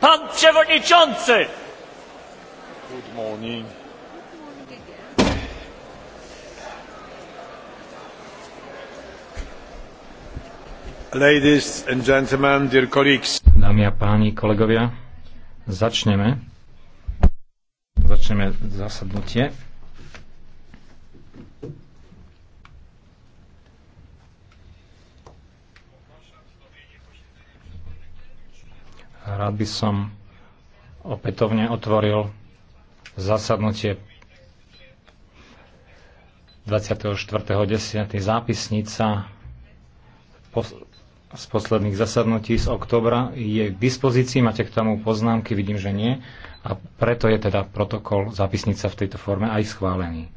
Pan przewodniczący! Good morning. Ladies and gentlemen, dear colleagues. Dámy a páni, kolegovia, začneme. Začneme zasadnutie. Rád by som opätovne otvoril zasadnutie 24.10. zápisnica z posledných zasadnutí z oktobra je k dispozícii. Máte k tomu poznámky? Vidím, že nie. A preto je teda protokol zápisnica v tejto forme aj schválený.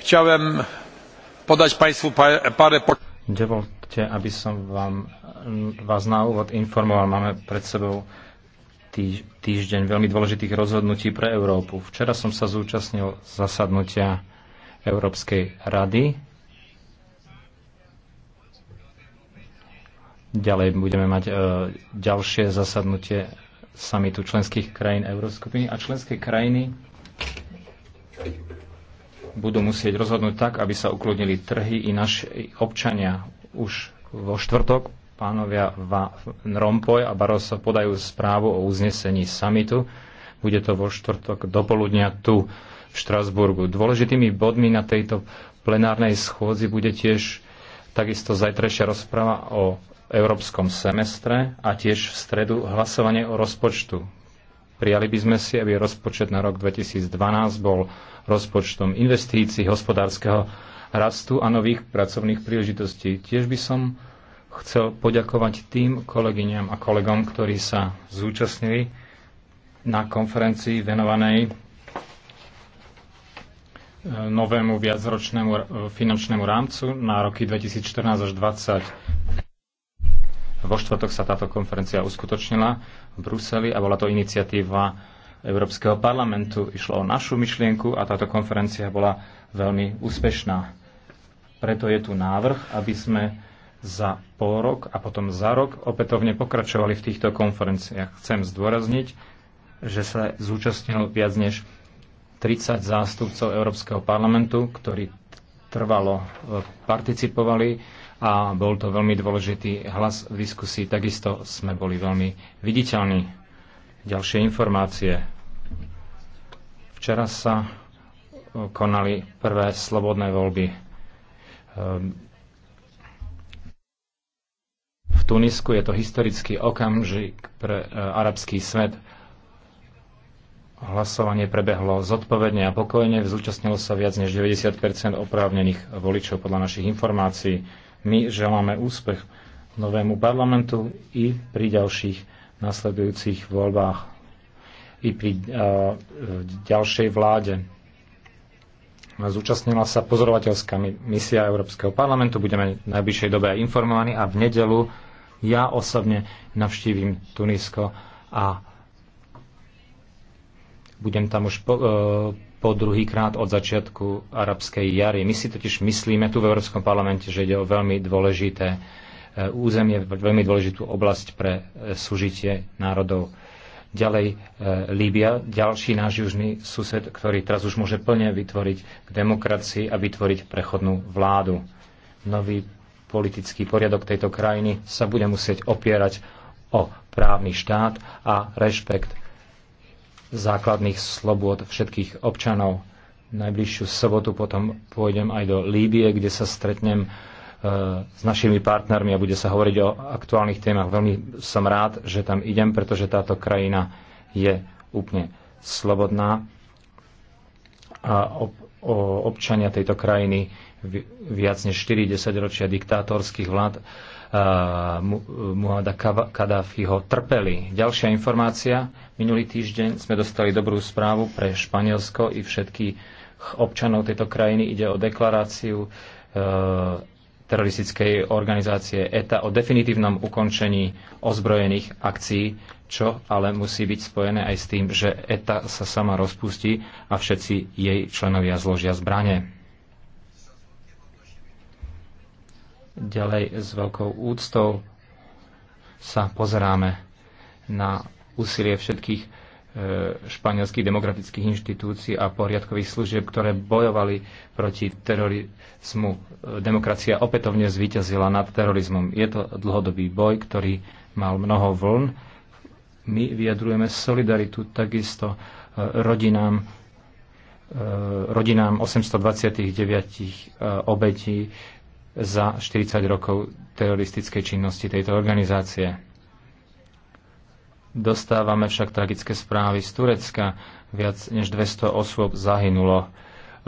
Chciałem podać Państwu parę... Dovolte, aby som vám, vás na úvod informoval. Máme pred sebou týž, týždeň veľmi dôležitých rozhodnutí pre Európu. Včera som sa zúčastnil zasadnutia Európskej rady. Ďalej budeme mať e, ďalšie zasadnutie samitu členských krajín Euróskupiny a členské krajiny budú musieť rozhodnúť tak, aby sa ukludnili trhy i naši občania. Už vo štvrtok pánovia Rompoj a Barroso podajú správu o uznesení samitu. Bude to vo štvrtok dopoludnia tu v Štrasburgu. Dôležitými bodmi na tejto plenárnej schôdzi bude tiež takisto zajtrajšia rozprava o európskom semestre a tiež v stredu hlasovanie o rozpočtu. Prijali by sme si, aby rozpočet na rok 2012 bol rozpočtom investícií, hospodárskeho rastu a nových pracovných príležitostí. Tiež by som chcel poďakovať tým kolegyňam a kolegom, ktorí sa zúčastnili na konferencii venovanej e, novému viacročnému finančnému rámcu na roky 2014 až 2020. Vo štvrtok sa táto konferencia uskutočnila v Bruseli a bola to iniciatíva Európskeho parlamentu. Išlo o našu myšlienku a táto konferencia bola veľmi úspešná. Preto je tu návrh, aby sme za pol rok a potom za rok opätovne pokračovali v týchto konferenciách. Chcem zdôrazniť, že sa zúčastnilo viac než 30 zástupcov Európskeho parlamentu, ktorí trvalo eh, participovali a bol to veľmi dôležitý hlas v diskusii. Takisto sme boli veľmi viditeľní. Ďalšie informácie. Včera sa e, konali prvé slobodné voľby. Ehm, v Tunisku je to historický okamžik pre e, arabský svet. Hlasovanie prebehlo zodpovedne a pokojne. Zúčastnilo sa viac než 90 oprávnených voličov podľa našich informácií my želáme úspech novému parlamentu i pri ďalších nasledujúcich voľbách, i pri uh, ďalšej vláde. Zúčastnila sa pozorovateľská misia Európskeho parlamentu. Budeme v najbližšej dobe aj informovaní a v nedelu ja osobne navštívim Tunisko a budem tam už po, uh, po druhýkrát od začiatku arabskej jary. My si totiž myslíme tu v Európskom parlamente, že ide o veľmi dôležité e, územie, veľmi dôležitú oblasť pre e, súžitie národov. Ďalej e, Líbia, ďalší náš južný sused, ktorý teraz už môže plne vytvoriť k demokracii a vytvoriť prechodnú vládu. Nový politický poriadok tejto krajiny sa bude musieť opierať o právny štát a rešpekt základných slobôd všetkých občanov. Najbližšiu sobotu potom pôjdem aj do Líbie, kde sa stretnem e, s našimi partnermi a bude sa hovoriť o aktuálnych témach. Veľmi som rád, že tam idem, pretože táto krajina je úplne slobodná a občania tejto krajiny viac než 40 ročia diktátorských vlád Muhada Kadáfiho trpeli. Ďalšia informácia. Minulý týždeň sme dostali dobrú správu pre Španielsko i všetkých občanov tejto krajiny. Ide o deklaráciu e, teroristickej organizácie ETA o definitívnom ukončení ozbrojených akcií, čo ale musí byť spojené aj s tým, že ETA sa sama rozpustí a všetci jej členovia zložia zbranie. Ďalej s veľkou úctou sa pozeráme na úsilie všetkých E, španielských demokratických inštitúcií a poriadkových služieb, ktoré bojovali proti terorizmu. E, demokracia opätovne zvíťazila nad terorizmom. Je to dlhodobý boj, ktorý mal mnoho vln. My vyjadrujeme solidaritu takisto e, rodinám, rodinám 829 obetí za 40 rokov teroristickej činnosti tejto organizácie Dostávame však tragické správy z Turecka. Viac než 200 osôb zahynulo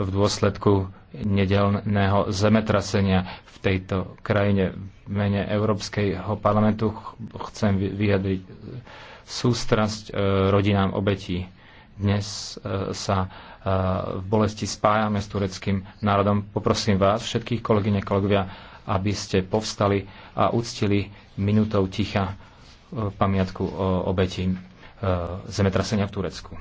v dôsledku nedelného zemetrasenia v tejto krajine. V mene Európskeho parlamentu chcem vyjadriť e, sústrasť e, rodinám obetí. Dnes e, sa v bolesti spájame s tureckým národom. Poprosím vás, všetkých kolegyne, kolegovia, aby ste povstali a uctili minutou ticha pamiatku o obeti e, zemetrasenia v Turecku.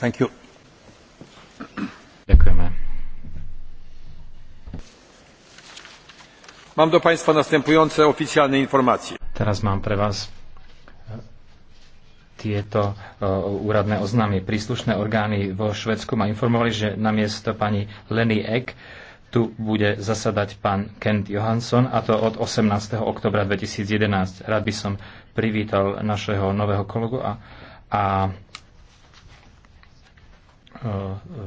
Thank you. Mám do Państwa następujące oficjalne informacje. Teraz mám pre vás e, tieto e, úradné oznámy. Príslušné orgány vo Švedsku ma informovali, že na miesto pani Leny Ek tu bude zasadať pán Kent Johansson a to od 18. oktobra 2011. Rád by som privítal našeho nového kolegu a, a e,